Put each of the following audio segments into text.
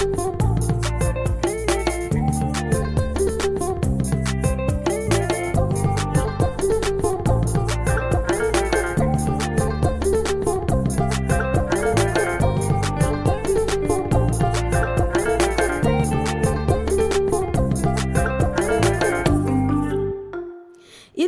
Thank you.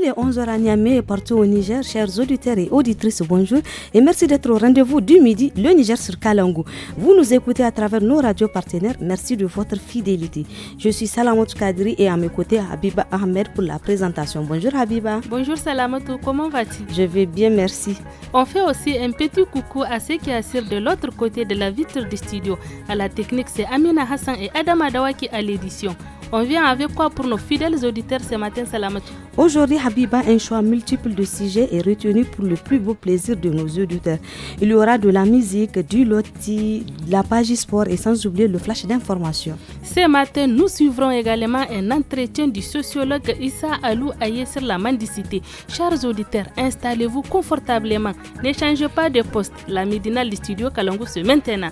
Il 11h à Niamey et partout au Niger. Chers auditeurs et auditrices, bonjour et merci d'être au rendez-vous du midi, le Niger sur Kalangou. Vous nous écoutez à travers nos radios partenaires. Merci de votre fidélité. Je suis Salamotou Kadri et à mes côtés, Habiba Ahmed pour la présentation. Bonjour Habiba. Bonjour Salamotou, comment vas-tu Je vais bien, merci. On fait aussi un petit coucou à ceux qui assurent de l'autre côté de la vitre du studio. À la technique, c'est Amina Hassan et Adam Adawa à l'édition. On vient avec quoi pour nos fidèles auditeurs ce matin, Salamatou Aujourd'hui, Habiba, un choix multiple de sujets est retenu pour le plus beau plaisir de nos auditeurs. Il y aura de la musique, du loti, de la page sport et sans oublier le flash d'information. Ce matin, nous suivrons également un entretien du sociologue Issa Alou Aye sur la mendicité. Chers auditeurs, installez-vous confortablement. N'échangez pas de poste. La Médina du studio Kalongo se maintenant.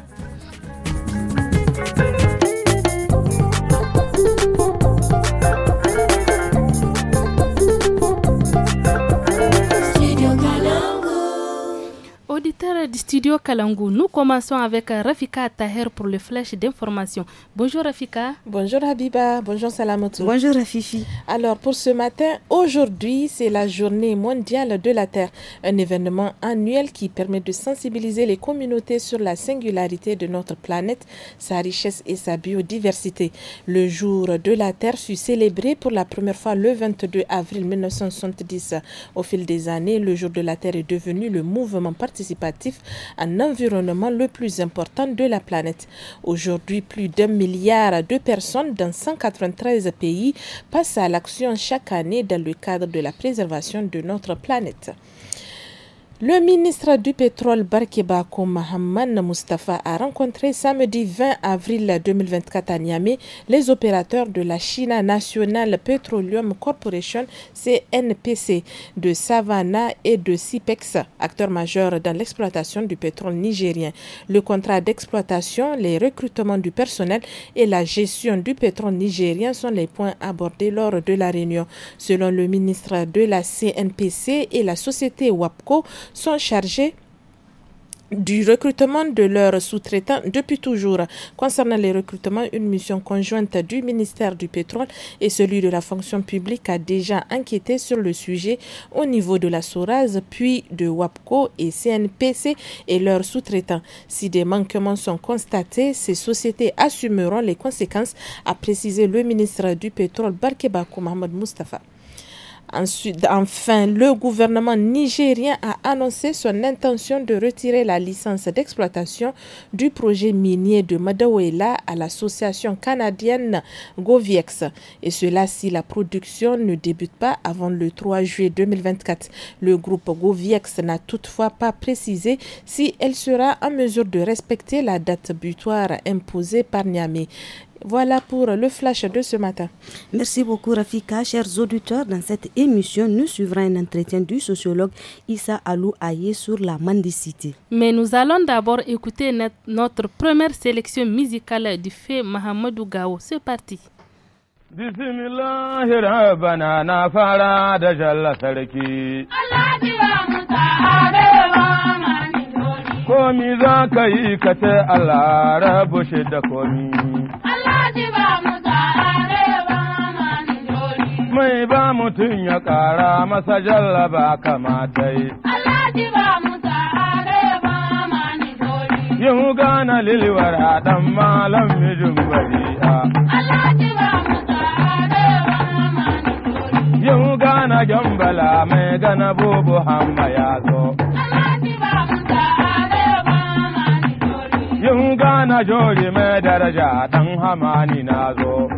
auditeurs du studio Kalangu, nous commençons avec Rafika Taher pour le flash d'information. Bonjour Rafika. Bonjour Habiba. Bonjour Salamatou. Bonjour Rafifi. Alors pour ce matin, aujourd'hui, c'est la journée mondiale de la Terre, un événement annuel qui permet de sensibiliser les communautés sur la singularité de notre planète, sa richesse et sa biodiversité. Le jour de la Terre fut célébré pour la première fois le 22 avril 1970. Au fil des années, le jour de la Terre est devenu le mouvement participatif participatif en environnement le plus important de la planète. Aujourd'hui, plus d'un milliard de personnes dans 193 pays passent à l'action chaque année dans le cadre de la préservation de notre planète. Le ministre du Pétrole Barkebako Mohamed Mustafa a rencontré samedi 20 avril 2024 à Niamey les opérateurs de la China National Petroleum Corporation CNPC de Savannah et de CIPEX, acteurs majeurs dans l'exploitation du pétrole nigérien. Le contrat d'exploitation, les recrutements du personnel et la gestion du pétrole nigérien sont les points abordés lors de la réunion. Selon le ministre de la CNPC et la société WAPCO, sont chargés du recrutement de leurs sous-traitants depuis toujours. Concernant les recrutements, une mission conjointe du ministère du Pétrole et celui de la fonction publique a déjà enquêté sur le sujet au niveau de la SORAS, puis de WAPCO et CNPC et leurs sous-traitants. Si des manquements sont constatés, ces sociétés assumeront les conséquences, a précisé le ministre du Pétrole Barkebako Mohamed Mustafa. Ensuite, enfin, le gouvernement nigérien a annoncé son intention de retirer la licence d'exploitation du projet minier de Madawela à l'association canadienne Goviex. Et cela si la production ne débute pas avant le 3 juillet 2024. Le groupe Goviex n'a toutefois pas précisé si elle sera en mesure de respecter la date butoir imposée par Niamey. Voilà pour le flash de ce matin. Merci beaucoup Rafika. Chers auditeurs, dans cette émission, nous suivrons un entretien du sociologue Issa Alou Aye sur la mendicité. Mais nous allons d'abord écouter notre première sélection musicale du fait Mahamadou Gao. C'est parti. Mai ba mutum ya ƙara masa jallaba kamata yi. Alhaji ba musa arewa mani doli. Yahu gana lilwar haɗan malam mijin bari'a. Alhaji ba musa arewa mani doli. Yahu gana gyambala mai gana bubu hamma ya zo. sarkin gana jori mai daraja dan hamani na zo.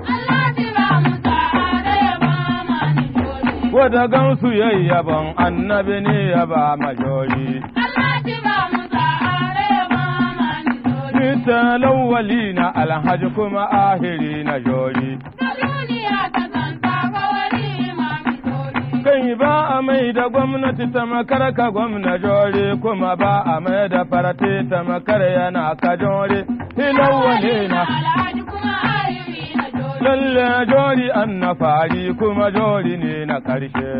Wata gamsu yayyaban annabi ne ya ba majori. Mita lawali na alhaji kuma ahiri na jori. kai ba a mai da gwamnati ta makar ka gwamna jori kuma ba a mai da farati ta makar yana ka jore ne na lalle jori an na fari kuma jori ne na karshe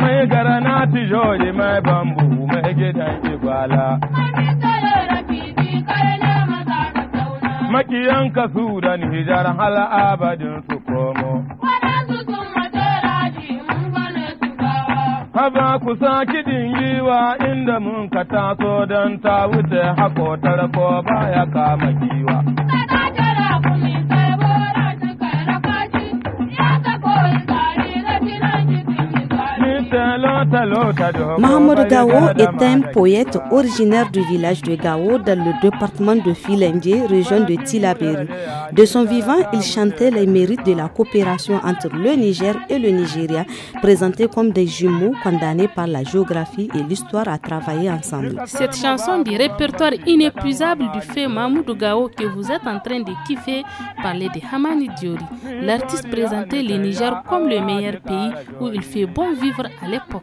mai gara ti jori mai bambu mai gidan igwala. mai tsaro rafi bi makiyanka su da nijar hala abadin su komo. Haba ku sa kiɗin yiwa inda mun ka taso don ta wuce haƙotar tarko baya kama kiwa. Mahamadou Gao est un poète originaire du village de Gao dans le département de Filendie, région de Tilaberi. De son vivant, il chantait les mérites de la coopération entre le Niger et le Nigeria, présentés comme des jumeaux condamnés par la géographie et l'histoire à travailler ensemble. Cette chanson du répertoire inépuisable du fait Mahmoud Gao que vous êtes en train de kiffer parlait de Hamani Diori. L'artiste présentait le Niger comme le meilleur pays où il fait bon vivre à l'époque.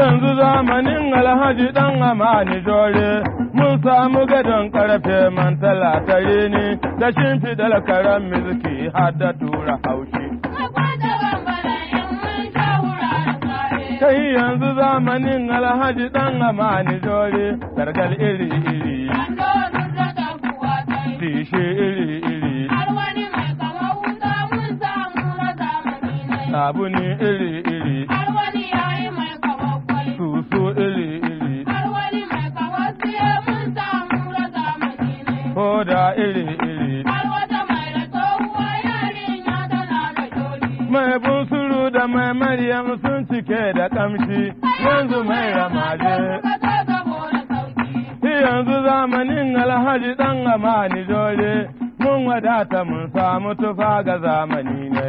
yanzu zamanin alhaji dan amani jore mun samu gadon karfe man talatare ne da shimfidar karen miziki har da tura haushi. Kai yanzu zamanin alhaji dan amani jore gargal iri-iri. Dishe iri-iri. Sabuni iri-iri. koda iri-iri. Mai busuru da mai maryam sun cike da kamshi yanzu mai ramaje. Yanzu zamanin alhaji ɗan amani dole, mun wadata mun samu tufa ga zamani ne.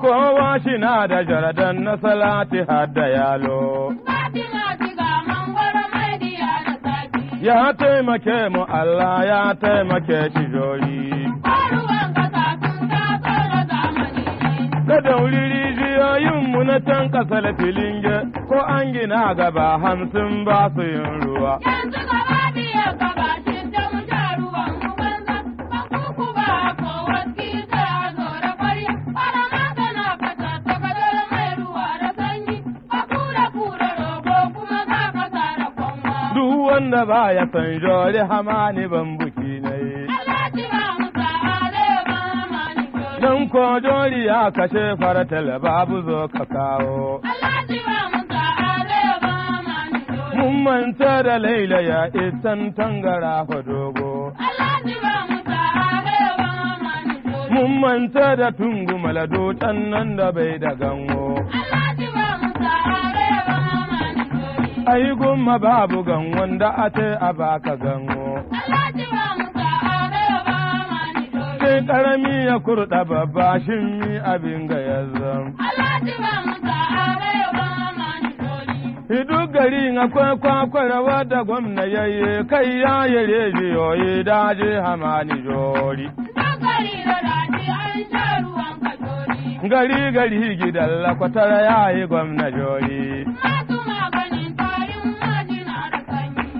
kowa shi na da jaradan na salati har da yalo. Ya taimake mu Allah ya taimake shi joyi. Kada wuri rijiyoyin mu na can kasar filin ko an gina gaba hamsin ba su yin ruwa. wanda ba ya san jori hamani bambuki na ne Don ko jori ya kashe faratal babu zo ka kawo. Mun manta da laila ya isan tangara fa dogo. Mun manta da tungu malado can nan da bai da gango. ayi gumma babu gan wanda ate a baka gango. ba Sai ƙarami ya kurɗa babba shin mi abin ga yazzan. Alhaji ba gari na kwakwakwa da gwamna yayye kai ya yi daji hamani jori. gari daji Gari gari gidan lakwatara ya yi gwamna jori.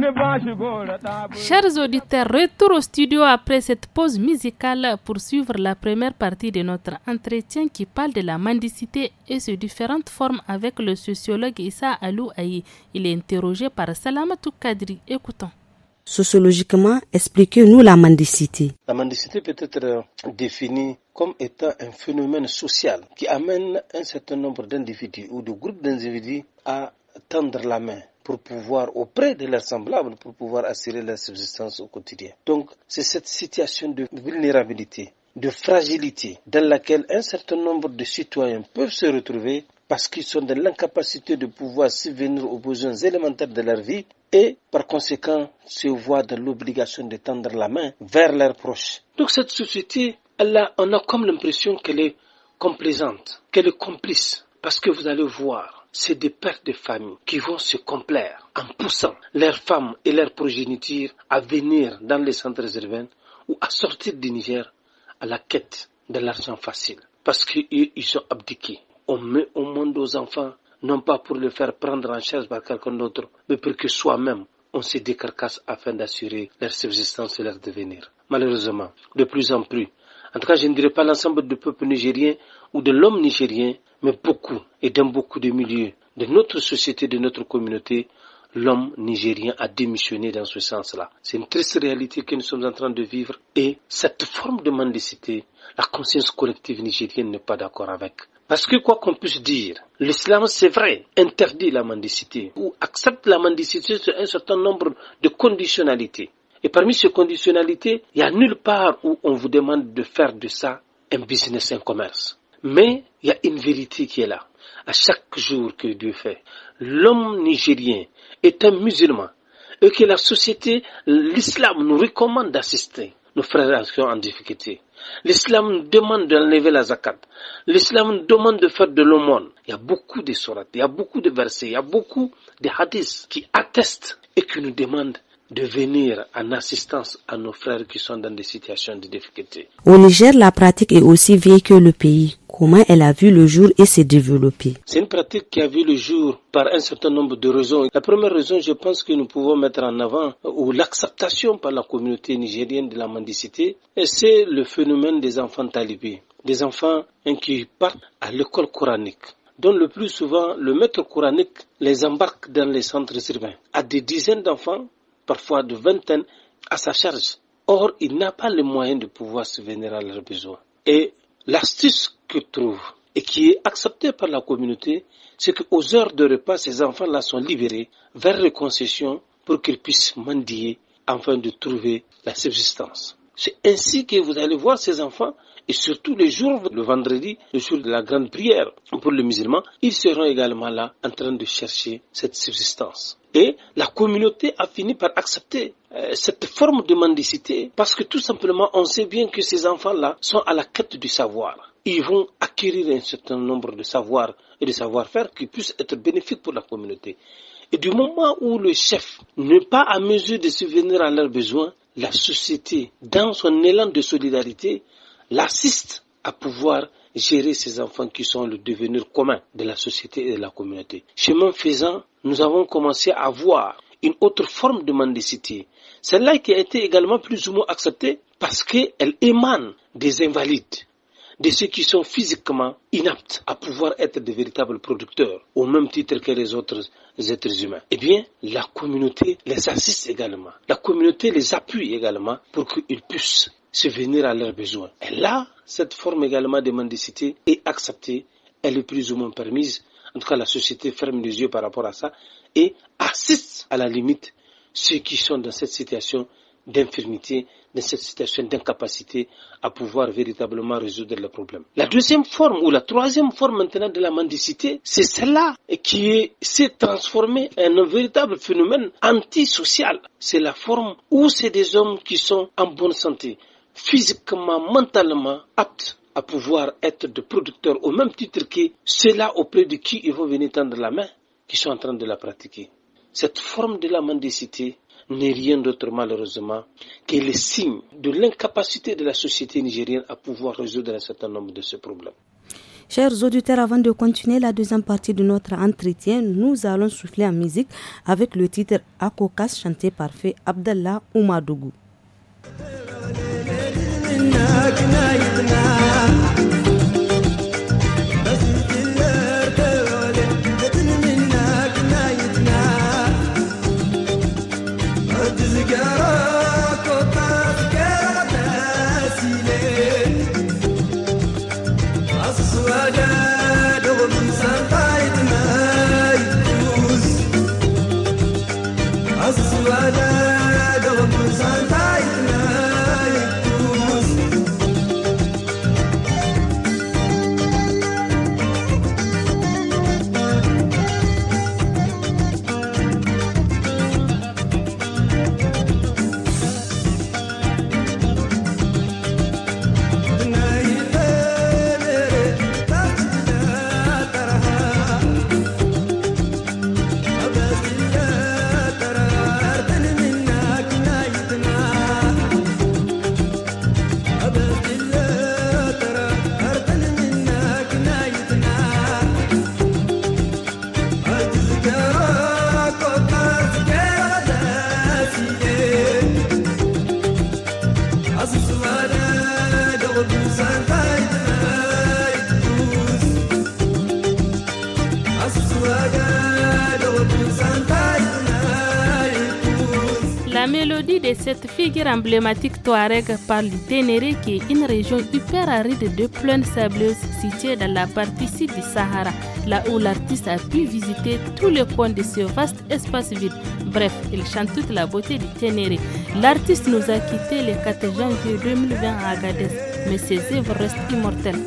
Chers auditeurs, retour au studio après cette pause musicale pour suivre la première partie de notre entretien qui parle de la mendicité et ses différentes formes avec le sociologue Issa Alou Aïe. Il est interrogé par Salamatou Kadri. Écoutons. Sociologiquement, expliquez-nous la mendicité. La mendicité peut être euh, définie comme étant un phénomène social qui amène un certain nombre d'individus ou de groupes d'individus à tendre la main pour pouvoir, auprès de leurs semblables, pour pouvoir assurer leur subsistance au quotidien. Donc, c'est cette situation de vulnérabilité, de fragilité, dans laquelle un certain nombre de citoyens peuvent se retrouver parce qu'ils sont dans l'incapacité de pouvoir subvenir aux besoins élémentaires de leur vie et par conséquent se voient dans l'obligation de tendre la main vers leurs proches. Donc cette société, elle on a comme l'impression qu'elle est complaisante, qu'elle est complice, parce que vous allez voir, c'est des pères de famille qui vont se complaire en poussant leurs femmes et leurs progénitures à venir dans les centres urbains ou à sortir du Niger à la quête de l'argent facile. Parce qu'ils ils ont abdiqué. On met au monde aux enfants, non pas pour les faire prendre en charge par quelqu'un d'autre, mais pour que soi-même, on se décarcasse afin d'assurer leur subsistance et leur devenir. Malheureusement, de plus en plus, en tout cas, je ne dirais pas l'ensemble du peuple nigérien ou de l'homme nigérien, mais beaucoup, et dans beaucoup de milieux de notre société, de notre communauté, l'homme nigérien a démissionné dans ce sens-là. C'est une triste réalité que nous sommes en train de vivre et cette forme de mendicité, la conscience collective nigérienne n'est pas d'accord avec. Parce que quoi qu'on puisse dire, l'islam, c'est vrai, interdit la mendicité ou accepte la mendicité sur un certain nombre de conditionnalités. Et parmi ces conditionnalités, il n'y a nulle part où on vous demande de faire de ça un business, un commerce. Mais il y a une vérité qui est là. À chaque jour que Dieu fait, l'homme nigérien est un musulman et que la société, l'islam nous recommande d'assister nos frères sont en difficulté. L'islam demande d'enlever la zakat. L'islam demande de faire de l'aumône. Il y a beaucoup de sourates, il y a beaucoup de versets, il y a beaucoup de hadiths qui attestent et qui nous demandent de venir en assistance à nos frères qui sont dans des situations de difficulté. Au Niger, la pratique est aussi vieille que le pays. Comment elle a vu le jour et s'est développée C'est une pratique qui a vu le jour par un certain nombre de raisons. La première raison, je pense que nous pouvons mettre en avant, ou l'acceptation par la communauté nigérienne de la mendicité, c'est le phénomène des enfants talibés, des enfants qui partent à l'école coranique dont le plus souvent le maître coranique les embarque dans les centres urbains. À des dizaines d'enfants, parfois de vingtaine à sa charge. Or, il n'a pas les moyens de pouvoir se subvenir à leurs besoins. Et l'astuce qu'il trouve et qui est acceptée par la communauté, c'est qu'aux heures de repas, ces enfants-là sont libérés vers les concessions pour qu'ils puissent mendier afin de trouver la subsistance. C'est ainsi que vous allez voir ces enfants, et surtout les jours, le vendredi, le jour de la grande prière pour les musulmans, ils seront également là en train de chercher cette subsistance. Et la communauté a fini par accepter euh, cette forme de mendicité parce que tout simplement on sait bien que ces enfants-là sont à la quête du savoir. Ils vont acquérir un certain nombre de savoirs et de savoir-faire qui puissent être bénéfiques pour la communauté. Et du moment où le chef n'est pas à mesure de subvenir à leurs besoins, la société, dans son élan de solidarité, l'assiste à pouvoir gérer ces enfants qui sont le devenir commun de la société et de la communauté. Chemin faisant, nous avons commencé à avoir une autre forme de mendicité. Celle-là qui a été également plus ou moins acceptée parce qu'elle émane des invalides, de ceux qui sont physiquement inaptes à pouvoir être de véritables producteurs, au même titre que les autres êtres humains. Eh bien, la communauté les assiste également. La communauté les appuie également pour qu'ils puissent se venir à leurs besoins. Et là, cette forme également de mendicité est acceptée, elle est plus ou moins permise en tout cas la société ferme les yeux par rapport à ça et assiste à la limite ceux qui sont dans cette situation d'infirmité, dans cette situation d'incapacité à pouvoir véritablement résoudre le problème. La deuxième forme ou la troisième forme maintenant de la mendicité, c'est celle-là qui s'est transformée en un véritable phénomène antisocial. C'est la forme où c'est des hommes qui sont en bonne santé, physiquement, mentalement aptes à pouvoir être de producteurs au même titre que ceux-là auprès de qui ils vont venir tendre la main, qui sont en train de la pratiquer. Cette forme de la mendicité n'est rien d'autre malheureusement que le signe de l'incapacité de la société nigérienne à pouvoir résoudre un certain nombre de ces problèmes. Chers auditeurs, avant de continuer la deuxième partie de notre entretien, nous allons souffler en musique avec le titre Akokas chanté par Fé Abdallah Oumadougou. عينك ما يدمع mélodie de cette figure emblématique touareg parle du Ténéré, qui est une région hyper aride de plaines sableuses située dans la partie sud du Sahara, là où l'artiste a pu visiter tous les points de ce vaste espace vide. Bref, il chante toute la beauté du Ténéré. L'artiste nous a quitté le 4 janvier 2020 à Agadez, mais ses œuvres restent immortelles.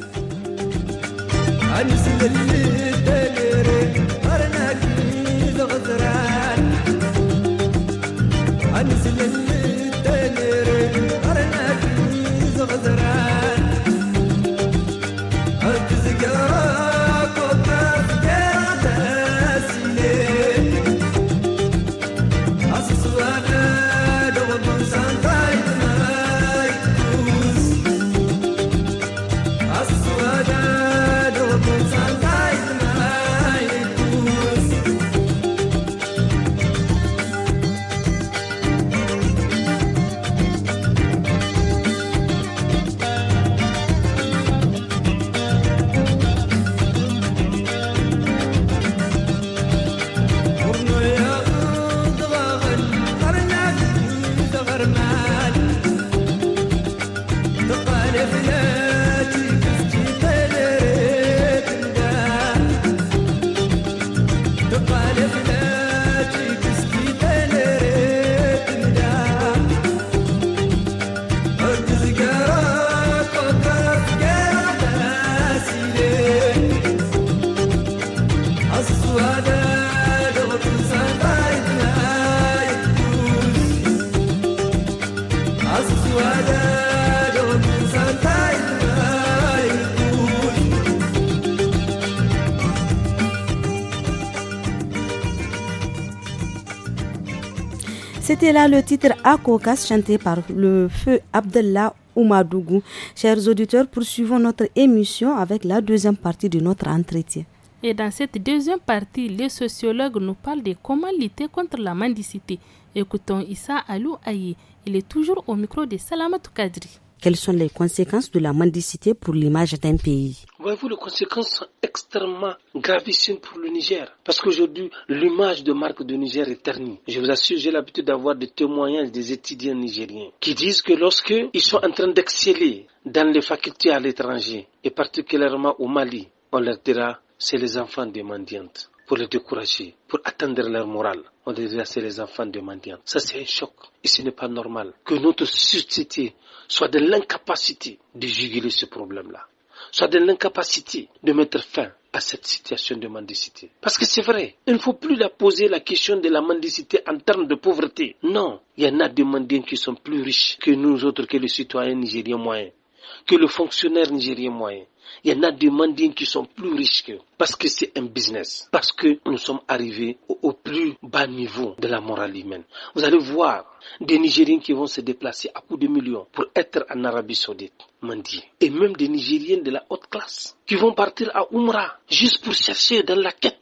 C'est là le titre Akokas chanté par le feu Abdallah Oumadougou. Chers auditeurs, poursuivons notre émission avec la deuxième partie de notre entretien. Et dans cette deuxième partie, les sociologues nous parlent de comment lutter contre la mendicité. Écoutons Issa Alou Aye. Il est toujours au micro de Salamat Kadri. Quelles sont les conséquences de la mendicité pour l'image d'un pays Voyez-vous les conséquences extrêmement gravissimes pour le Niger Parce qu'aujourd'hui, l'image de marque de Niger est ternie. Je vous assure, j'ai l'habitude d'avoir des témoignages des étudiants nigériens qui disent que lorsqu'ils sont en train d'exceller dans les facultés à l'étranger, et particulièrement au Mali, on leur dira c'est les enfants des mendiantes pour les décourager, pour atteindre leur morale. On déverse les enfants de mendiants. Ça, c'est un choc. Et ce n'est pas normal que notre société soit de l'incapacité de juguler ce problème-là, soit de l'incapacité de mettre fin à cette situation de mendicité. Parce que c'est vrai, il ne faut plus la poser la question de la mendicité en termes de pauvreté. Non, il y en a des mendiants qui sont plus riches que nous autres, que les citoyens nigériens moyens que le fonctionnaire nigérien moyen. Il y en a des Mandiens qui sont plus riches parce que c'est un business, parce que nous sommes arrivés au, plus bas niveau de la morale humaine. Vous allez voir des Nigériens qui vont se déplacer à coups de millions pour être en Arabie Saoudite, Mandi, et même des Nigériens de la haute classe qui vont partir à Umra juste pour chercher dans la quête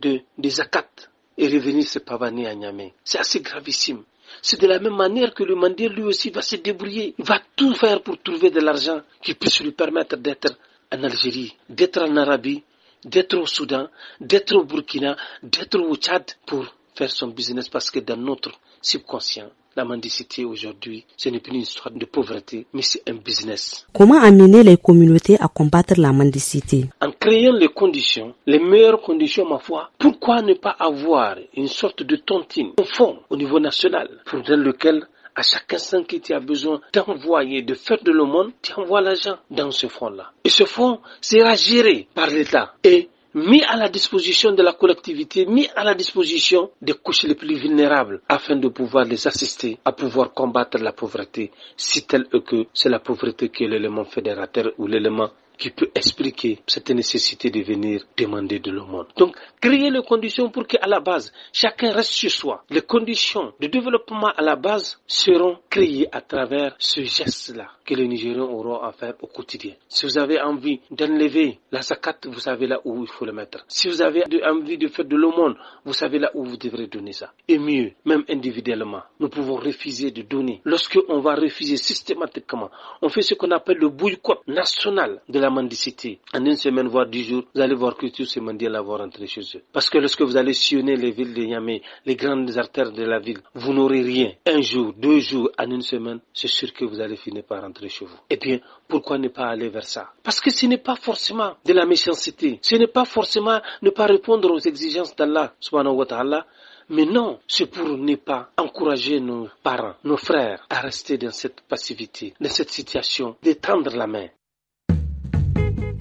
de, des zakat et revenir se pavaner à Niamey. C'est assez gravissime c'est de la même manière que le mandir lui aussi va se débrouiller. Il va tout faire pour trouver de l'argent qui puisse lui permettre d'être en Algérie, d'être en Arabie, d'être au Soudan, d'être au Burkina, d'être au Tchad pour faire son business parce que dans notre subconscient, la mendicité aujourd'hui, ce n'est plus une histoire de pauvreté, mais c'est un business. Comment amener les communautés à combattre la mendicité En créant les conditions, les meilleures conditions, ma foi, pourquoi ne pas avoir une sorte de tontine, un fonds au niveau national, pour lequel à chaque instant qui tu as besoin d'envoyer, de faire de l'aumône, tu envoies l'argent dans ce fonds-là. Et ce fonds sera géré par l'État. Et mis à la disposition de la collectivité, mis à la disposition des couches les plus vulnérables, afin de pouvoir les assister à pouvoir combattre la pauvreté, si telle que c'est la pauvreté qui est l'élément fédérateur ou l'élément qui peut expliquer cette nécessité de venir demander de l'aumône. Donc, créer les conditions pour qu'à la base, chacun reste sur soi. Les conditions de développement à la base seront créées à travers ce geste-là que les Nigériens auront à faire au quotidien. Si vous avez envie d'enlever la saccate, vous savez là où il faut le mettre. Si vous avez envie de faire de l'aumône, vous savez là où vous devrez donner ça. Et mieux, même individuellement, nous pouvons refuser de donner. Lorsqu'on va refuser systématiquement, on fait ce qu'on appelle le boycott national de la la mendicité. En une semaine, voire dix jours, vous allez voir que tous ces mendiants la vont rentrer chez eux. Parce que lorsque vous allez sillonner les villes de Yamé les grandes artères de la ville, vous n'aurez rien. Un jour, deux jours, en une semaine, c'est sûr que vous allez finir par rentrer chez vous. Eh bien, pourquoi ne pas aller vers ça Parce que ce n'est pas forcément de la méchanceté. Ce n'est pas forcément ne pas répondre aux exigences d'Allah, subhanahu wa ta'ala. Mais non, c'est pour ne pas encourager nos parents, nos frères à rester dans cette passivité, dans cette situation, d'étendre la main.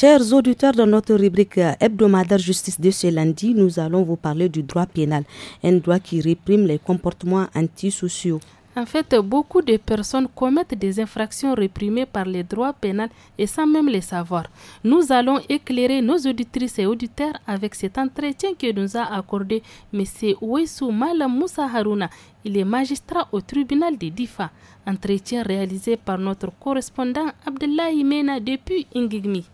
Chers auditeurs, dans notre rubrique euh, hebdomadaire justice de ce lundi, nous allons vous parler du droit pénal, un droit qui réprime les comportements antisociaux. En fait, beaucoup de personnes commettent des infractions réprimées par les droits pénals et sans même les savoir. Nous allons éclairer nos auditrices et auditeurs avec cet entretien que nous a accordé M. Ouessou Malam Moussa Il est magistrat au tribunal de Difa. Entretien réalisé par notre correspondant Abdellah Imena depuis Ingigmi.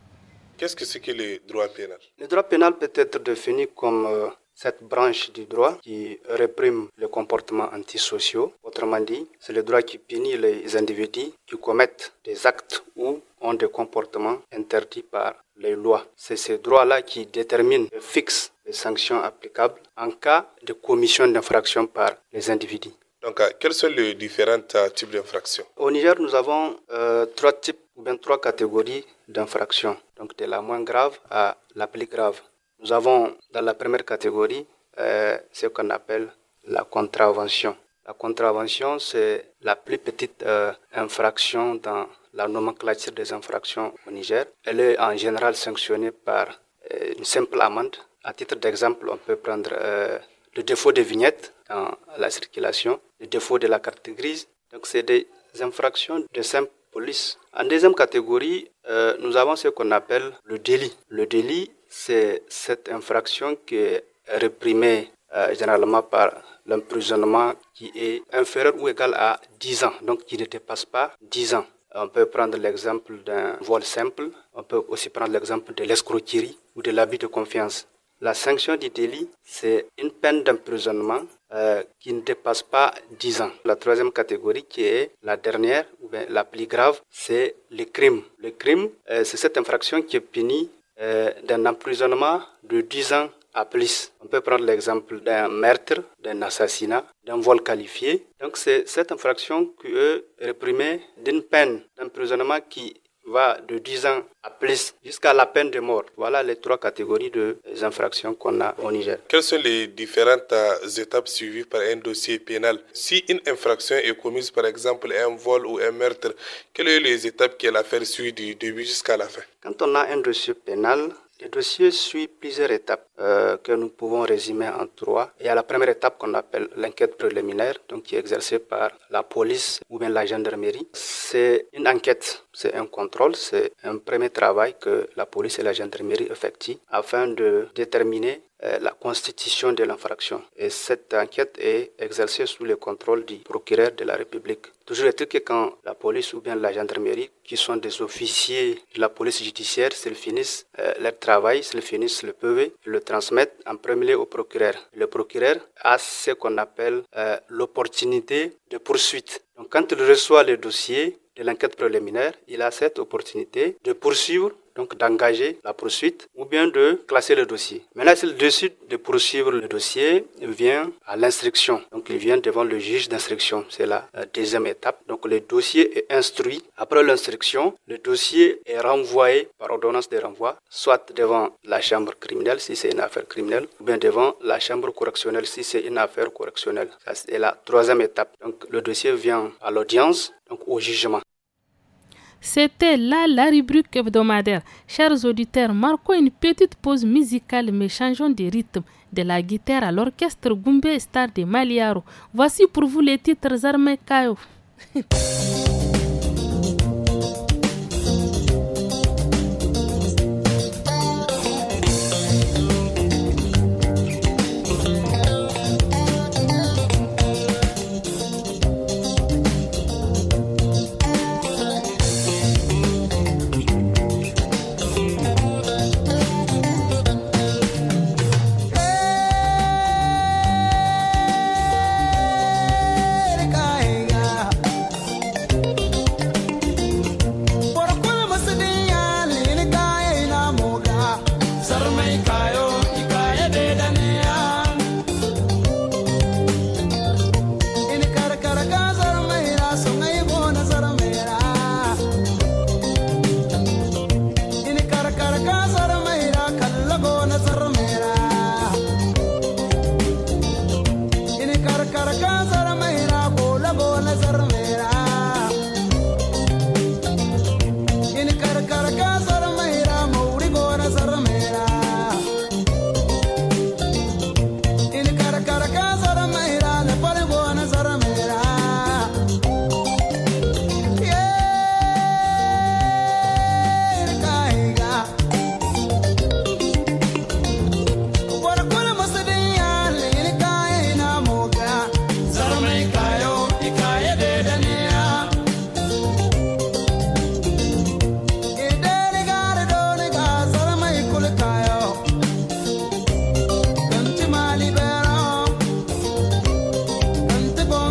Qu'est-ce que c'est que le droit pénal Le droit pénal peut être défini comme euh, cette branche du droit qui réprime les comportements antisociaux. Autrement dit, c'est le droit qui punit les individus qui commettent des actes ou ont des comportements interdits par les lois. C'est ce droit-là qui détermine fixe les sanctions applicables en cas de commission d'infraction par les individus. Donc, euh, quels sont les différents types d'infractions Au Niger, nous avons euh, trois types trois catégories d'infractions, donc de la moins grave à la plus grave. Nous avons dans la première catégorie euh, ce qu'on appelle la contravention. La contravention, c'est la plus petite euh, infraction dans la nomenclature des infractions au Niger. Elle est en général sanctionnée par euh, une simple amende. À titre d'exemple, on peut prendre le défaut des vignettes dans la circulation, le défaut de la carte grise. Donc, c'est des infractions de simple en deuxième catégorie, euh, nous avons ce qu'on appelle le délit. Le délit, c'est cette infraction qui est réprimée euh, généralement par l'emprisonnement qui est inférieur ou égal à 10 ans, donc qui ne dépasse pas 10 ans. On peut prendre l'exemple d'un vol simple, on peut aussi prendre l'exemple de l'escroquerie ou de l'abus de confiance. La sanction du délit, c'est une peine d'emprisonnement euh, qui ne dépasse pas 10 ans. La troisième catégorie qui est la dernière la plus grave, c'est le crime. Le crime, euh, c'est cette infraction qui est punie euh, d'un emprisonnement de 10 ans à plus. On peut prendre l'exemple d'un meurtre, d'un assassinat, d'un vol qualifié. Donc c'est cette infraction qui est réprimée d'une peine d'emprisonnement qui va de 10 ans à plus jusqu'à la peine de mort. Voilà les trois catégories de euh, infractions qu'on a au Niger. Quelles sont les différentes euh, étapes suivies par un dossier pénal Si une infraction est commise, par exemple un vol ou un meurtre, quelles sont les étapes que l'affaire suit du début jusqu'à la fin Quand on a un dossier pénal, le dossier suit plusieurs étapes euh, que nous pouvons résumer en trois. Il y a la première étape qu'on appelle l'enquête préliminaire, donc qui est exercée par la police ou bien la gendarmerie. C'est une enquête, c'est un contrôle, c'est un premier travail que la police et la gendarmerie effectuent afin de déterminer euh, la constitution de l'infraction. Et cette enquête est exercée sous le contrôle du procureur de la République. Toujours est-il que quand la police ou bien la gendarmerie, qui sont des officiers de la police judiciaire, s'ils finissent euh, leur travail, s'ils finissent le PV, ils le transmettent en premier lieu au procureur. Le procureur a ce qu'on appelle euh, l'opportunité de poursuite. Donc quand il reçoit le dossier de l'enquête préliminaire, il a cette opportunité de poursuivre donc d'engager la poursuite ou bien de classer le dossier. Maintenant, le décide de poursuivre le dossier, il vient à l'instruction. Donc, il vient devant le juge d'instruction. C'est la euh, deuxième étape. Donc, le dossier est instruit. Après l'instruction, le dossier est renvoyé par ordonnance de renvoi, soit devant la chambre criminelle si c'est une affaire criminelle, ou bien devant la chambre correctionnelle si c'est une affaire correctionnelle. c'est la troisième étape. Donc, le dossier vient à l'audience, donc au jugement. C'était là la rubrique hebdomadaire. Chers auditeurs, marquons une petite pause musicale mais changeons de rythme de la guitare à l'orchestre Gumbé Star de Maliaro. Voici pour vous les titres armés Kayo.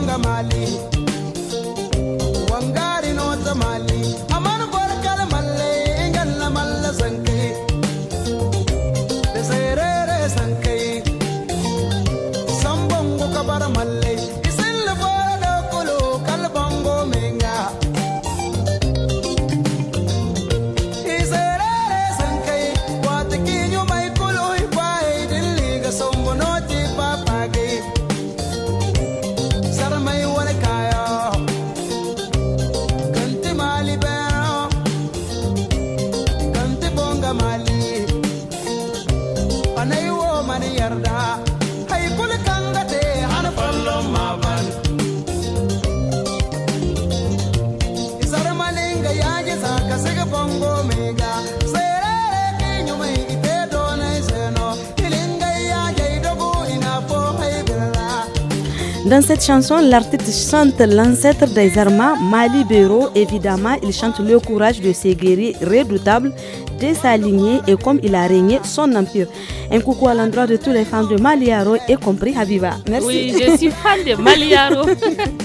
wanga Dans cette chanson, l'artiste chante l'ancêtre des armées Mali Bero. Évidemment, il chante le courage de ses guéris, redoutables, de et comme il a régné son empire. Un coucou à l'endroit de tous les fans de Maliaro, y compris Habiba. Merci. Oui, je suis fan de Maliaro.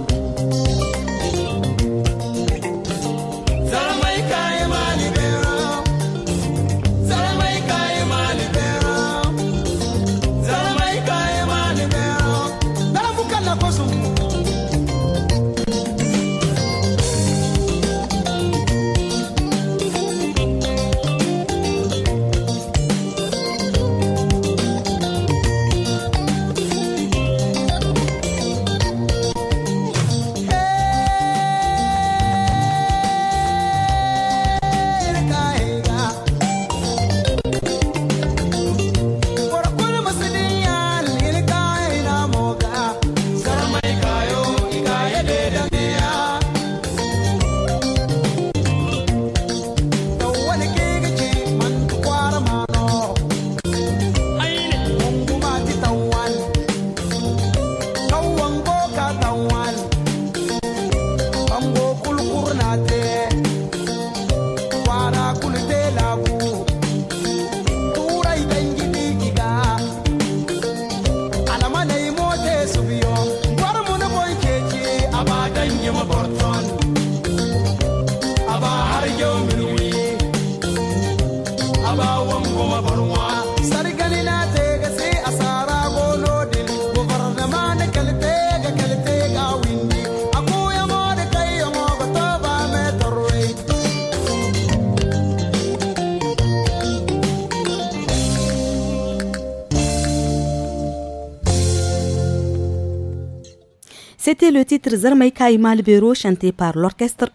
C'était le titre Zermay Imal chanté par l'orchestre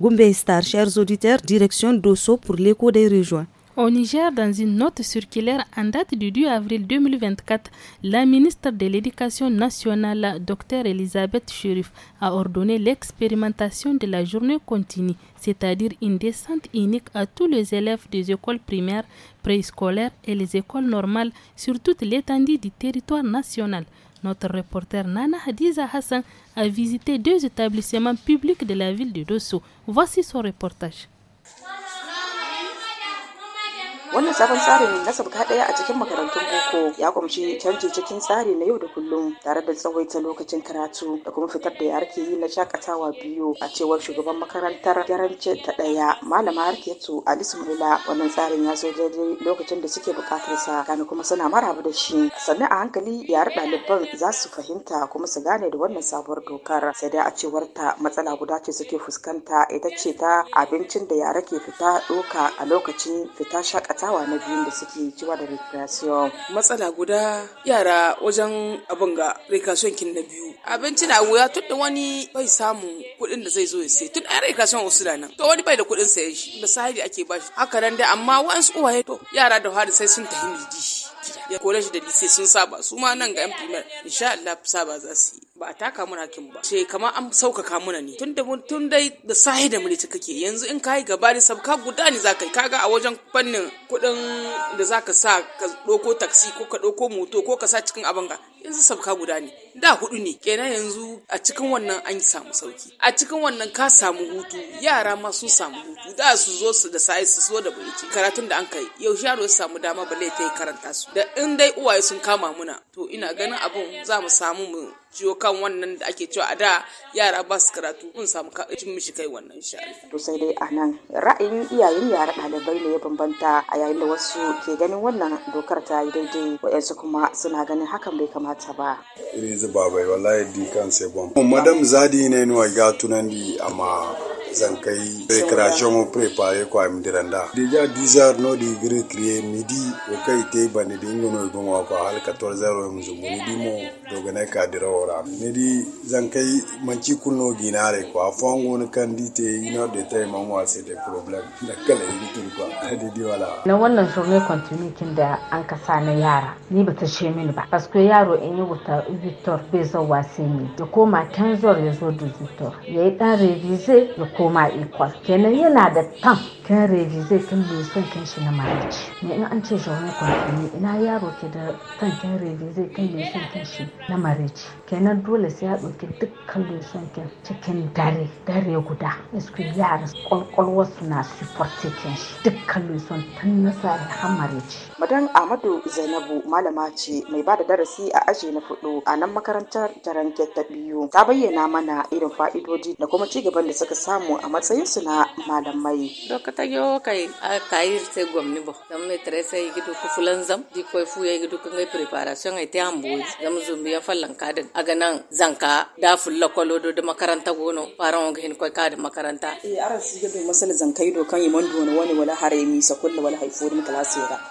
Gumbe Star. Chers auditeurs, direction Dosso pour l'écho des rejoints. Au Niger, dans une note circulaire en date du 2 avril 2024, la ministre de l'Éducation nationale, Dr Elisabeth Chérif, a ordonné l'expérimentation de la journée continue, c'est-à-dire une descente unique à tous les élèves des écoles primaires, préscolaires et les écoles normales sur toute l'étendue du territoire national. Notre reporter Nana Hadiza Hassan a visité deux établissements publics de la ville de Dosso. Voici son reportage. wannan sabon tsarin na ɗaya daya a cikin makarantun boko ya kumshi canji cikin tsari na yau da kullum tare da tsawaita lokacin karatu da kuma fitar da yara ke yi na shakatawa biyu a cewar shugaban makarantar garance ta daya malama harketu alisu mula wannan tsarin ya zo daidai lokacin da suke bukatar sa gane kuma suna maraba da shi sannan a hankali yare ɗaliban za su fahimta kuma su gane da wannan sabuwar dokar sai dai a cewar ta matsala guda ce suke fuskanta ita ce ta abincin da yare ke fita doka a lokacin fita shakatawa shakatawa na biyun da suke cewa da recreation matsala guda yara wajen abin ga recreation kin na biyu abinci na wuya tun da wani bai samu kuɗin da zai zo ya sai tun an recreation wasu da nan to wani bai da kuɗin sayan shi da sahari ake bashi haka nan dai amma wa'ansu uwaye to yara da hari sai sun tafi midi ya kore shi da lise sun saba su ma nan ga yan primar insha Allah saba za su yi ba a taka mun hakin ba sai kamar an saukaka muna ne tun mun tun dai da sahi da mulki kake yanzu in kai gaba da sabka guda ne zaka yi kaga a wajen fannin kuɗin da zaka sa ka ɗauko taksi ko ka ɗauko moto ko ka sa cikin abanga yanzu sabka guda ne da hudu ne kenan yanzu a cikin wannan an samu sauki a cikin wannan ka samu hutu yara ma sun samu hutu da su zo su da sai su zo da bulki karatun da an kai yau yaro su samu dama balle ta yi karanta su da in dai uwaye sun kama muna to ina ganin abin za mu samu mu ciyo kan wannan da ake cewa a da yara ba su karatu mun samu cin mishi kai wannan sha'ani. To sai dai anan ra'ayin iyayen yara ɗalibai ne ya bambanta a yayin da wasu ke ganin wannan dokar ta yi daidai waɗansu kuma suna ganin hakan bai kamata ba. irin zuba bai wallahi di kan sai gwamnati. Madam Zadi ne nuwa ya tunan di amma zan kai recreation mu prepare ko am diranda deja 10h no di gre kire midi o kai te bani di ngono ibon wa ko hal 14h mu zumu di mo doga na ka dira ora midi zan kai manci ginare kwa afongo ne kan di te ino de te man wa se de problem da kala yi tun kwa hadi di wala na wannan shirme continue kin da an kasa na yara ni bata she mini ba paske yaro in yi wuta Victor bezo zo wasi ne ya koma Tenzor ya zo da Victor ya yi dan revize ya koma equal kenan yana da tan kan reji zai kan son kan shi na marici ne in an ce jawon ne ina yaro ke da kan kan reji zai kan son kan shi na marriage kenan dole sai ya ɗauki dukkan son kan cikin dare dare guda isku yara kwalkwalwarsu na support cikin shi dukkan lusan tun na sa har marriage madan amadu zainabu malama ce mai bada darasi a aji na fudu a nan makarantar jaranke ta biyu ta bayyana mana irin fa'idoji da kuma gaban da suka samu a su na malamai dokata yo kai ka yi sai gwamni ba dan mai yi gido ku fulan zam di koi fu yi gido kun gai preparation ai ta ambo zam zumbi ya fallan kadin aga nan zanka da fulla kolodo da makaranta gono faran ga hin koi kadin makaranta eh aran su gidu masal zankai do kan yi wani wala sakulla wala haifo din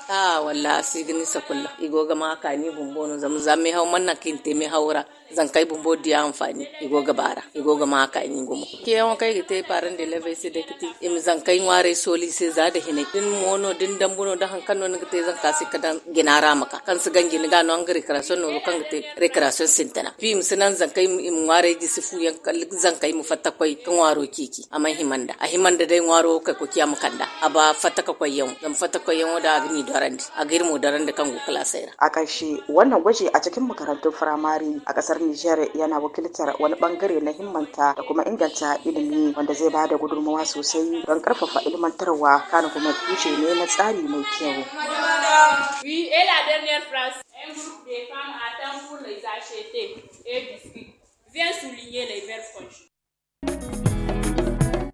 ah la walla sa sakulla igo gama kani bumbo no zamu zam hau haw manna kinte me hawra zan kai bumbo diya amfani igo gabara igo gama kani gumo ke yawan kai gite paran de leve se de kiti im zan kai ware soli se za da hine din mono din dambuno da hankano ne kite zan kasi kadan ginara maka kan su gangi ni gano an gari karason no kan te rekraso sintana fi im sinan zan kai im ware ji sifu yan zan kai mu fatta kai kan waro kiki amma himanda a himanda dai waro kai ko kiya mukanda aba fatta kai yan zan fatta kai yan da agni dorandi a agir modaran da kan gokala sayar. a ƙarshe wannan gwaji a cikin makarantun firamare a ƙasar Nijar yana wakiltar wani bangare na himmanta da kuma inganta ilimi wanda zai bada da gudunmawa sosai don karfafa ilmantarwa kana kuma tushe ne na tsari mai kyau Viens souligner les belles fonds.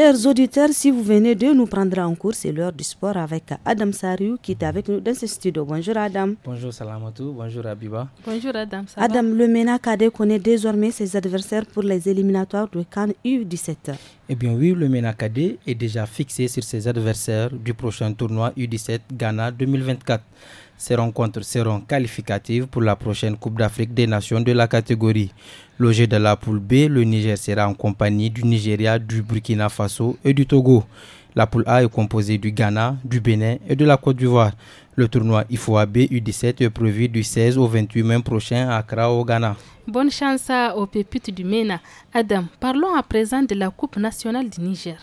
Chers auditeurs, si vous venez de nous prendre en cours, c'est l'heure du sport avec Adam Sariou qui est avec nous dans ce studio. Bonjour Adam. Bonjour Salamatou, bonjour Abiba. Bonjour Adam. Ça Adam, le MENA connaît désormais ses adversaires pour les éliminatoires de Cannes U17. Eh bien oui, le MENA est déjà fixé sur ses adversaires du prochain tournoi U17 Ghana 2024. Ces rencontres seront qualificatives pour la prochaine Coupe d'Afrique des Nations de la catégorie. Logé de la poule B, le Niger sera en compagnie du Nigeria, du Burkina Faso et du Togo. La poule A est composée du Ghana, du Bénin et de la Côte d'Ivoire. Le tournoi IFOAB U17 est prévu du 16 au 28 mai prochain à Accra au Ghana. Bonne chance aux pépites du MENA. Adam, parlons à présent de la Coupe nationale du Niger.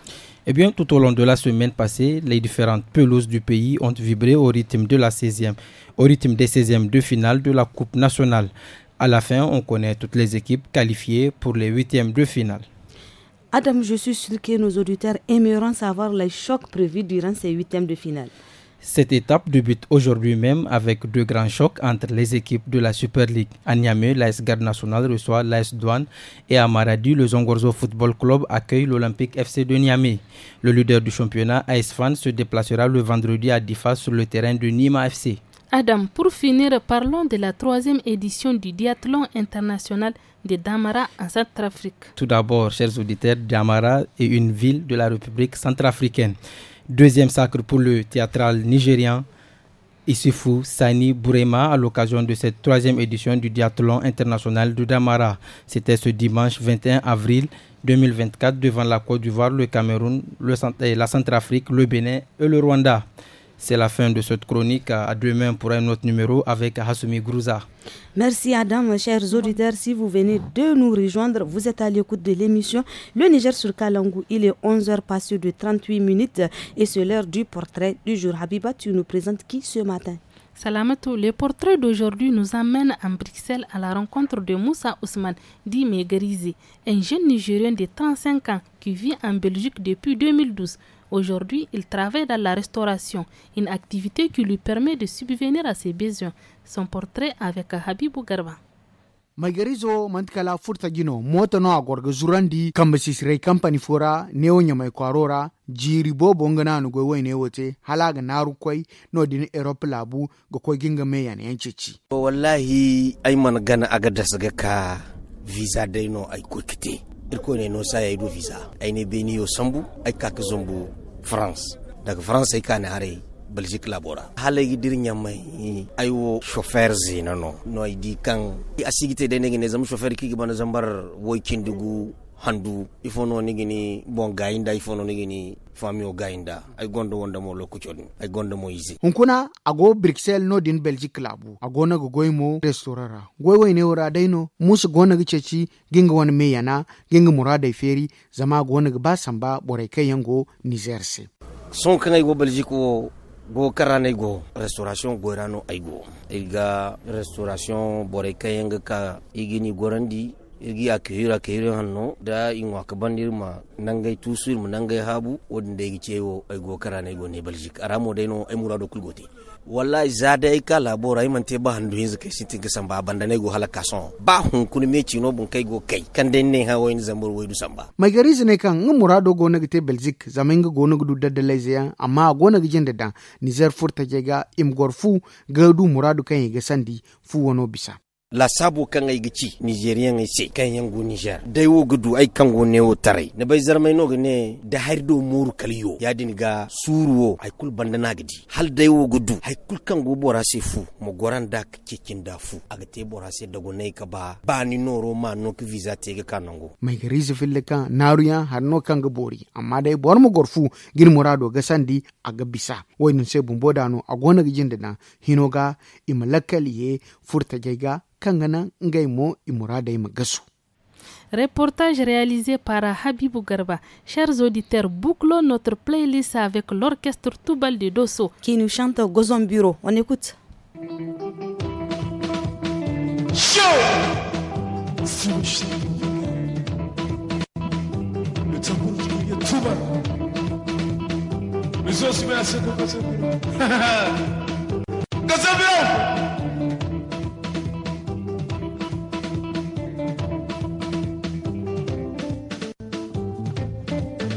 Eh bien, tout au long de la semaine passée, les différentes pelouses du pays ont vibré au rythme de la 16 au rythme des 16e de finale de la Coupe nationale. À la fin, on connaît toutes les équipes qualifiées pour les huitièmes de finale. Adam, je suis sûr que nos auditeurs aimeront savoir les chocs prévus durant ces huitièmes de finale. Cette étape débute aujourd'hui même avec deux grands chocs entre les équipes de la Super League. À Niamey, l'AS Garde Nationale reçoit l'AS Douane et à Maradi, le Zongorzo Football Club accueille l'Olympique FC de Niamey. Le leader du championnat, AS Fan, se déplacera le vendredi à Difa sur le terrain du Nima FC. Adam, pour finir, parlons de la troisième édition du Diathlon international de Damara en Centrafrique. Tout d'abord, chers auditeurs, Damara est une ville de la République centrafricaine. Deuxième sacre pour le théâtral nigérien Issoufou Sani Burema à l'occasion de cette troisième édition du Diathlon international de Damara. C'était ce dimanche 21 avril 2024 devant la Côte d'Ivoire, le Cameroun, le, la Centrafrique, le Bénin et le Rwanda. C'est la fin de cette chronique. À demain pour un autre numéro avec Hassoumi Grouza. Merci Adam, chers auditeurs. Si vous venez de nous rejoindre, vous êtes à l'écoute de l'émission Le Niger sur Kalangou. Il est 11h passé de 38 minutes et c'est l'heure du portrait du jour. Habiba, tu nous présentes qui ce matin Salamato, le portrait d'aujourd'hui nous amène en Bruxelles à la rencontre de Moussa Ousmane dit Megerizi, un jeune Nigérien de 35 ans qui vit en Belgique depuis 2012. Aujourd'hui, il travaille dans la restauration, une activité qui lui permet de subvenir à ses besoins. Son portrait avec Habibou Garba. magarizo mantikala furta gino mota no agorga zurandi kamba sisirai kampani fora neo nyamai kwarora jiri bo bongana no go ne wote halaga naru koi no dini europe labu go koi ginga me wallahi ai gana aga ka visa dai no irkone no sa yayi do visa ni yo sambu ay kak zombu france daga france ay kana hare belgique labora hala yidir ai wo chauffeur zinano no ay di kan asigite de ne ne zam chauffeur ki bana zambar wo kindugu handu ifono nigini bon gayinda ifono nigini famio gayinda ay gondo wonda mo lokkuconi ay gondo mo yisi hunkuna ago bruxelles no din belgique club ago naga goymo restaurara goy wayne ora dayno musu go naga ceci ginga won me yana ginga murada feri zama go naga ba samba bore kay yango niger se son kanay go belgique wo go karane go restauration rano ay go iga restauration bore kay yanga ka igini gorandi irgi a kihira kihirin hannu da in waka bandir ma nangai tusir mu nangai habu wadin da yake cewo ai gokara ne gone baljik aramo dai no ai murado kulgote wallahi za da ka labora ai mante ba handu yanzu kai sintin gasan ba banda ne go halaka son ba hun kun me ci no bun kai go kai kan den ne hawo yin zambur wai dusan ba mai gari ne kan in murado go na gite baljik zamin ga go na gudu da dalai zaya amma go na gijin da da nizar furta ga im gorfu ga du murado kan yi ga sandi fu wono bisa la sabo kan ay gici nigeria ngai se kan yango niger dai wo gudu ai kan go ne wo tarai ne bai zarmai no ne da har do muru kaliyo ya din ga suruwo ai kul bandana gidi hal dai wo gudu ai kul kan go bora se fu mo goran da kikin da fu aga te bora se dago ne ka ba ba ni noro ma no ki visa te ga kanango mai gari zu fille kan naruya har no kan ga bori amma dai bor mo gorfu gin murado ga sandi aga bisa wai ni se bumbo a gona gijin da na hinoga imalakaliye furta kangana imura Reportage réalisé par Habibou Garba. Chers auditeurs, bouclons notre playlist avec l'orchestre Toubal de Dosso qui nous chante Gozon Bureau. On écoute. Show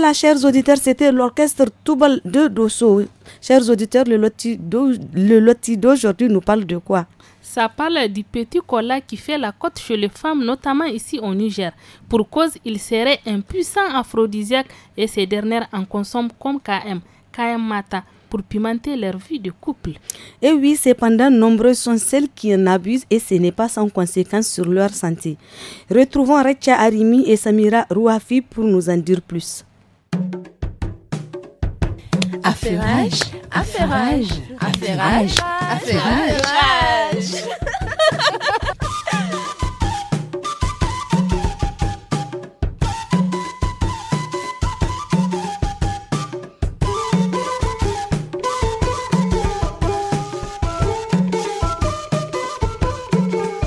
Voilà, chers auditeurs, c'était l'orchestre Toubal de Dosso. Chers auditeurs, le loti d'aujourd'hui nous parle de quoi ça parle du petit cola qui fait la cote chez les femmes, notamment ici au Niger. Pour cause, il serait un puissant aphrodisiaque et ces dernières en consomment comme KM, KM Mata pour pimenter leur vie de couple. Et oui, cependant, nombreuses sont celles qui en abusent et ce n'est pas sans conséquence sur leur santé. Retrouvons Recha Arimi et Samira Rouafi pour nous en dire plus. Affairage, affairage, affairage, affairage.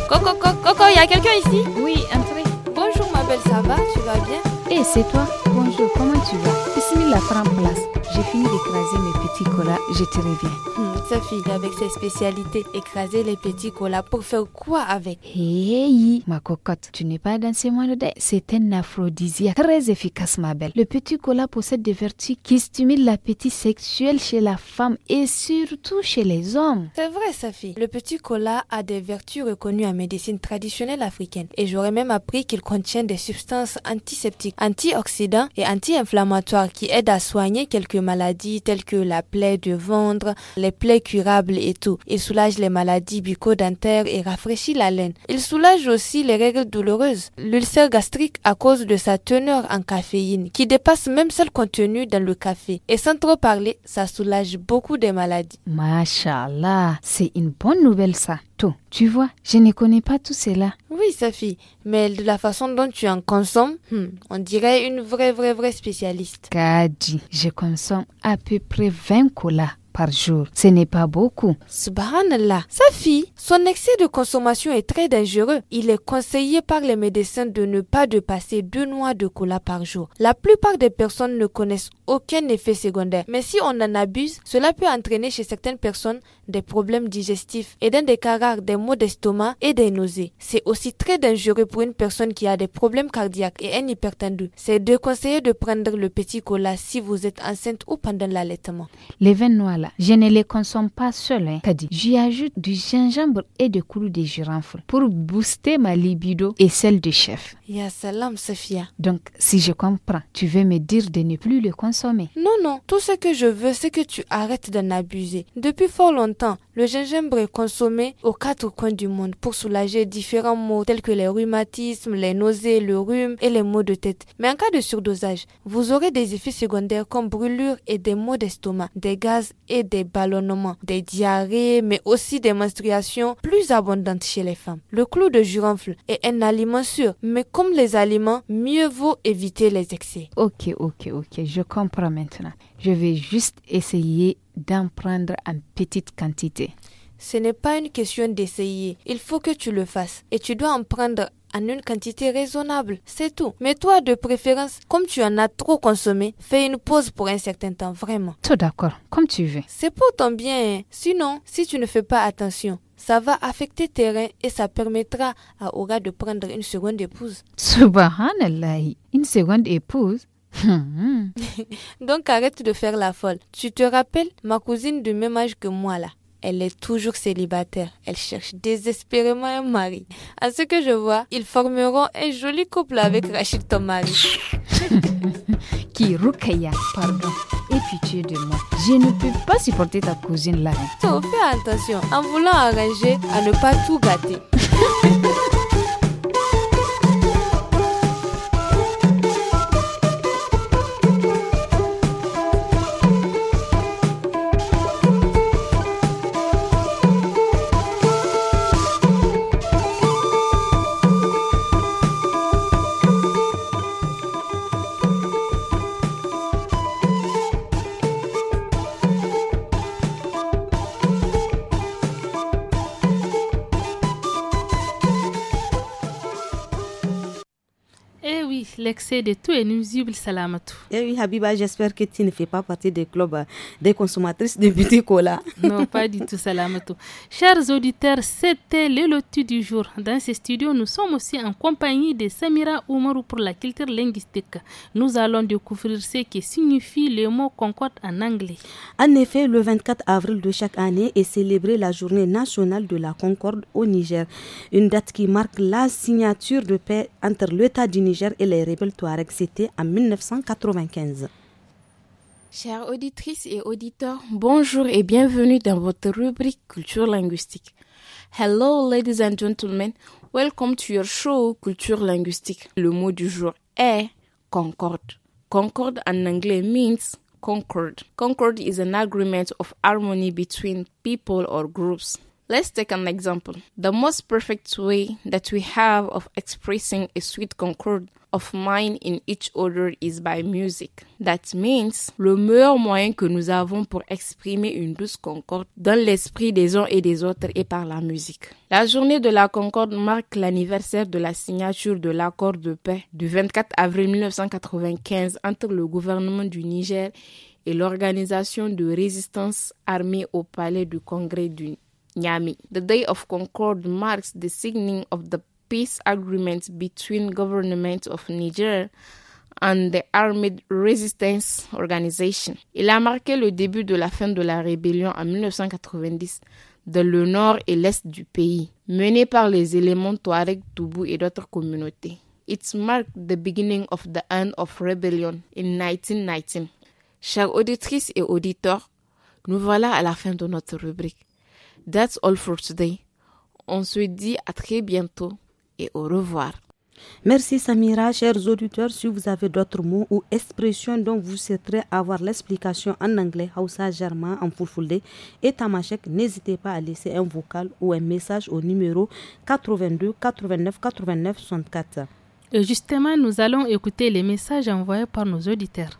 Coco, Coco, Coco, il y a quelqu'un ici Oui, un truc Bonjour ma belle, ça va Tu vas bien eh, c'est toi Bonjour, comment tu vas Bismillah, prends place. J'ai fini d'écraser mes petits colas, je te reviens. Hmm sa fille avec ses spécialités. Écraser les petits colas pour faire quoi avec Hey, ma cocotte, tu n'es pas dans ces monde. C'est un aphrodisiaque très efficace, ma belle. Le petit cola possède des vertus qui stimulent l'appétit sexuel chez la femme et surtout chez les hommes. C'est vrai, sa fille. Le petit cola a des vertus reconnues en médecine traditionnelle africaine. Et j'aurais même appris qu'il contient des substances antiseptiques, antioxydants et anti-inflammatoires qui aident à soigner quelques maladies telles que la plaie de ventre, les plaies curable et tout. Il soulage les maladies bucco-dentaires et rafraîchit la laine. Il soulage aussi les règles douloureuses, l'ulcère gastrique à cause de sa teneur en caféine, qui dépasse même celle contenue dans le café. Et sans trop parler, ça soulage beaucoup des maladies. Mashallah, c'est une bonne nouvelle ça. Tout. Tu vois, je ne connais pas tout cela. Oui, Safi, mais de la façon dont tu en consommes, hmm, on dirait une vraie, vraie, vraie spécialiste. Kadi, je consomme à peu près 20 colas par jour. Ce n'est pas beaucoup. Subhanallah. Sa fille, son excès de consommation est très dangereux. Il est conseillé par les médecins de ne pas passer deux noix de cola par jour. La plupart des personnes ne connaissent aucun effet secondaire. Mais si on en abuse, cela peut entraîner chez certaines personnes des problèmes digestifs et dans des cas rares des maux d'estomac et des nausées. C'est aussi très dangereux pour une personne qui a des problèmes cardiaques et un hypertendu. C'est de conseiller de prendre le petit cola si vous êtes enceinte ou pendant l'allaitement. Les vins noirs je ne les consomme pas seul, hein, J'y ajoute du gingembre et du coulou de girofle pour booster ma libido et celle du chef. Ya salam, Donc, si je comprends, tu veux me dire de ne plus le consommer non, non. Tout ce que je veux, c'est que tu arrêtes d'en abuser. Depuis fort longtemps, le gingembre est consommé aux quatre coins du monde pour soulager différents maux tels que les rhumatismes, les nausées, le rhume et les maux de tête. Mais en cas de surdosage, vous aurez des effets secondaires comme brûlures et des maux d'estomac, des gaz et des ballonnements, des diarrhées, mais aussi des menstruations plus abondantes chez les femmes. Le clou de girofle est un aliment sûr, mais comme les aliments, mieux vaut éviter les excès. Ok, ok, ok, je comprends maintenant. Je vais juste essayer d'en prendre en petite quantité. Ce n'est pas une question d'essayer. Il faut que tu le fasses. Et tu dois en prendre en une quantité raisonnable, c'est tout. Mais toi, de préférence, comme tu en as trop consommé, fais une pause pour un certain temps, vraiment. Tout d'accord, comme tu veux. C'est pour ton bien. Hein. Sinon, si tu ne fais pas attention, ça va affecter tes reins et ça permettra à Aura de prendre une seconde épouse. Subhanallah, une seconde épouse Hmm. Donc arrête de faire la folle. Tu te rappelles, ma cousine du même âge que moi là, elle est toujours célibataire. Elle cherche désespérément un mari. À ce que je vois, ils formeront un joli couple avec Rachid, ton mari. Qui Rukaya, pardon. Et pitié de moi. Je ne peux pas supporter ta cousine là. fais attention. En voulant arranger, à ne pas tout gâter. l'excès de tout est nuisible, Salamatou. Eh oui, Habiba, j'espère que tu ne fais pas partie des clubs euh, des consommatrices de beauty cola. non, pas du tout, Salamatou. Chers auditeurs, c'était le loti du jour. Dans ce studio, nous sommes aussi en compagnie de Samira Oumarou pour la culture linguistique. Nous allons découvrir ce que signifie le mot concorde en anglais. En effet, le 24 avril de chaque année est célébrée la journée nationale de la concorde au Niger, une date qui marque la signature de paix entre l'État du Niger et les les rebelles en 1995. auditrices et auditeurs, bonjour et bienvenue dans votre rubrique Culture linguistique. Hello, ladies and gentlemen. Welcome to your show Culture linguistique. Le mot du jour est concorde. Concorde en anglais means concord. Concord is an agreement of harmony between people or groups. Let's take an example. The most perfect way that we have of expressing a sweet concord of mind in each order is by music. That means le meilleur moyen que nous avons pour exprimer une douce concorde dans l'esprit des uns et des autres est par la musique. La journée de la concorde marque l'anniversaire de la signature de l'accord de paix du 24 avril 1995 entre le gouvernement du Niger et l'organisation de résistance armée au palais du Congrès du Nyami. The Day of Concord marks the signing of the peace agreement between government of Niger and the Armed Resistance Organization. Il a marqué le début de la fin de la rébellion en 1990 dans le nord et l'est du pays, menée par les éléments Touareg, Toubou et d'autres communautés. It marked the beginning of the end of rebellion in 1919. Chers auditrices et auditeurs, nous voilà à la fin de notre rubrique. That's all for today. On se dit à très bientôt et au revoir. Merci Samira, chers auditeurs. Si vous avez d'autres mots ou expressions dont vous souhaiterez avoir l'explication en anglais, Hausa, Germain, en et Tamashek, n'hésitez pas à laisser un vocal ou un message au numéro 82 89 89 64. Et justement, nous allons écouter les messages envoyés par nos auditeurs.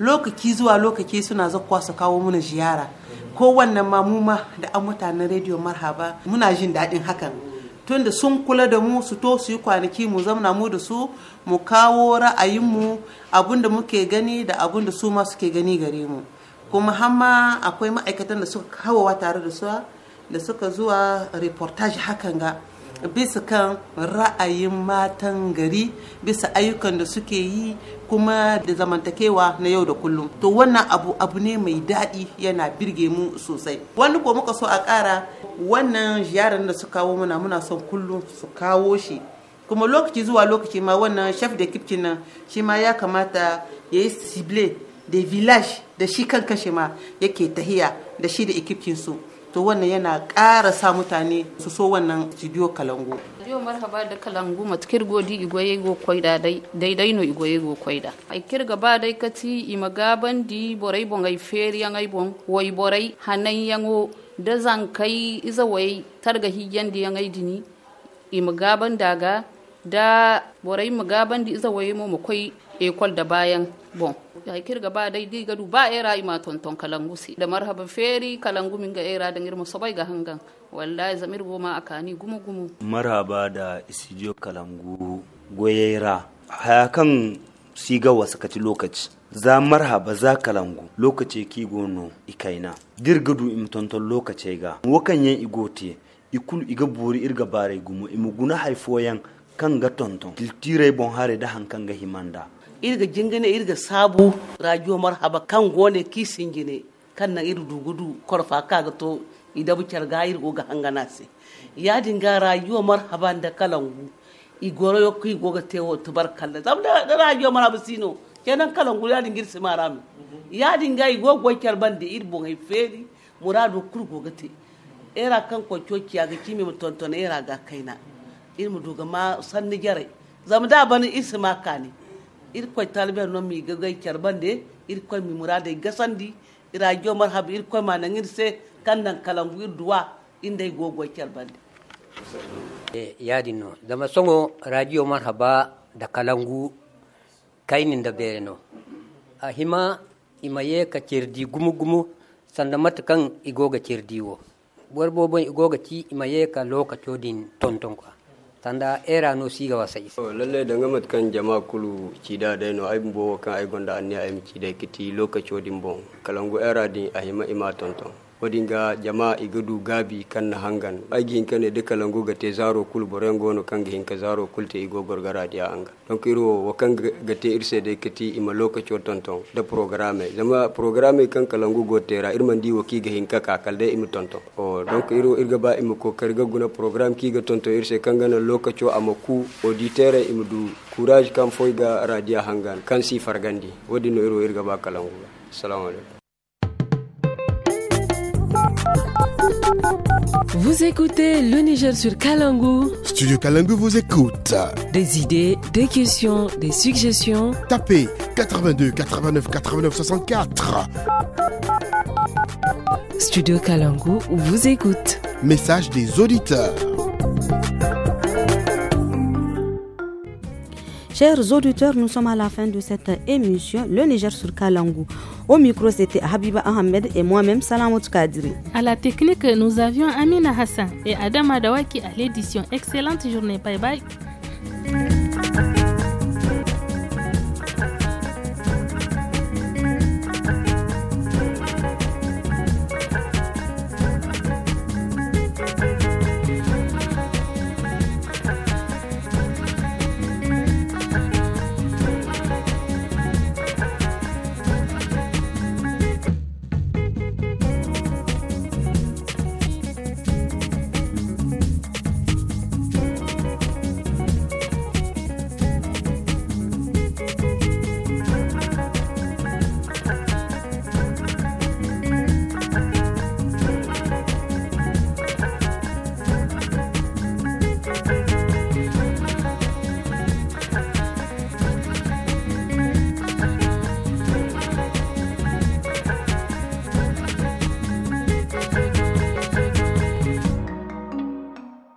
lokaci zuwa lokaci suna zakuwa su kawo mana ziyara ko wannan ma mu ma da an mutanen rediyo marhaba muna jin daɗin hakan tunda sun kula da mu su to su yi kwanaki mu zamana mu da su mu kawo ra'ayinmu mu da muke gani da abun da su ma suke gani gare mu kuma hamma akwai ma'aikatan da suka kawowa tare da su da suka zuwa reportage hakan ga bisa kan ra'ayin matan gari bisa ayyukan da suke yi kuma da zamantakewa na yau da kullum to wannan abu abu ne mai daɗi yana birge mu sosai wani ko muka so a ƙara wannan ziyarar da su kawo muna muna son kullum su kawo shi kuma lokaci zuwa lokaci ma wannan chef de kitchen nan shi ma ya kamata ya yi sible da village da shi kan kashe ma yake tahiya da shi da ekipkin su to wannan yana ƙara sa mutane su so wannan studio kalangu Jiyo marhaba da kalangu matukir godi igoye go koida daidai no igoye go koida ai kirga gaba dai kati imagaban di borai bongai feri yan ai bon woi borai hanan yango da zankai iza wai targa di yan ai dini imagaban daga da borai mu gaban di iza waye mu mu koi ekol da bayan bon ya kirga ba dai dai gadu ba era ima tonton kalangu si da marhaba feri kalangu min ga era da ngirma sabai ga hangan wallahi zamir goma akani gumu gumu marhaba da isijo kalangu goyera haya hakan siga wasu kaci lokaci za marhaba za kalangu lokaci ki gono ikaina dirgadu im tonton lokaci ga wakan yan igote ikul iga buri irga bare gumu imu guna haifoyan kan ga tonton kiltire bon hare da hankan ga himanda irga jingine irga sabu rajo marhaba kan gone kisingine kan na iru dugudu korfa kaga to idabu carga irgo ga hangana se ya dinga rajo marhaba da kalangu igoro yo ki goga tewo kalla. zabda da radio marhaba sino kenan kalangu ya dingir simarami ya dinga igo gokyar bande irbo ngai feri muradu kurgo gate era kan ko coki aga kimi mutontona era ga kaina mu duga ma sanni gere zam da bani isma kani ir koy talbe no mi gagay kerbande ir koy mi murade gasandi ira jo marhab ir kwai ma nangir se nan kalan ir duwa indai gogo kerbande yadin no zama songo radio marhaba da kalangu kainin da bere no a hima ye ka cerdi gumu gumu sanda mata kan igoga cerdi wo warbobon igoga ci ye ka lokacodin tonton kwa tanda era no siga wasa isa oh, lalle da mat kan jama kulu cida dai no ay bo kan ay gonda anni ay mi cida kiti lokaci odin bon kalangu era din ahima ima tonton wadinga jama'a igadu gabi kan na hangan agi hinka e de langu ga zaro kul borengo no kan hinka zaro kul te igo gorgara dia anga donc kiro wa ga te irse de kati ima tonton da programe zama programe kan kalangu go tera irman di waki ga hinka ka de imu tonton o donc irga ba imu karga guna programme ki ga tonton irse kan gana lokaci amaku auditere imu du courage kan foiga radia hangan kan si fargandi wadino iro irga ba kalangu assalamu alaikum Vous écoutez le Niger sur Kalangu. Studio Kalangu vous écoute. Des idées, des questions, des suggestions. Tapez 82 89 89 64. Studio Kalangu vous écoute. Message des auditeurs. Chers auditeurs, nous sommes à la fin de cette émission Le Niger sur Kalangu. Au micro, c'était Habiba Ahmed et moi-même Salamot Kadri. À la technique, nous avions Amina Hassan et Adam Adawaki à l'édition. Excellente journée. Bye bye.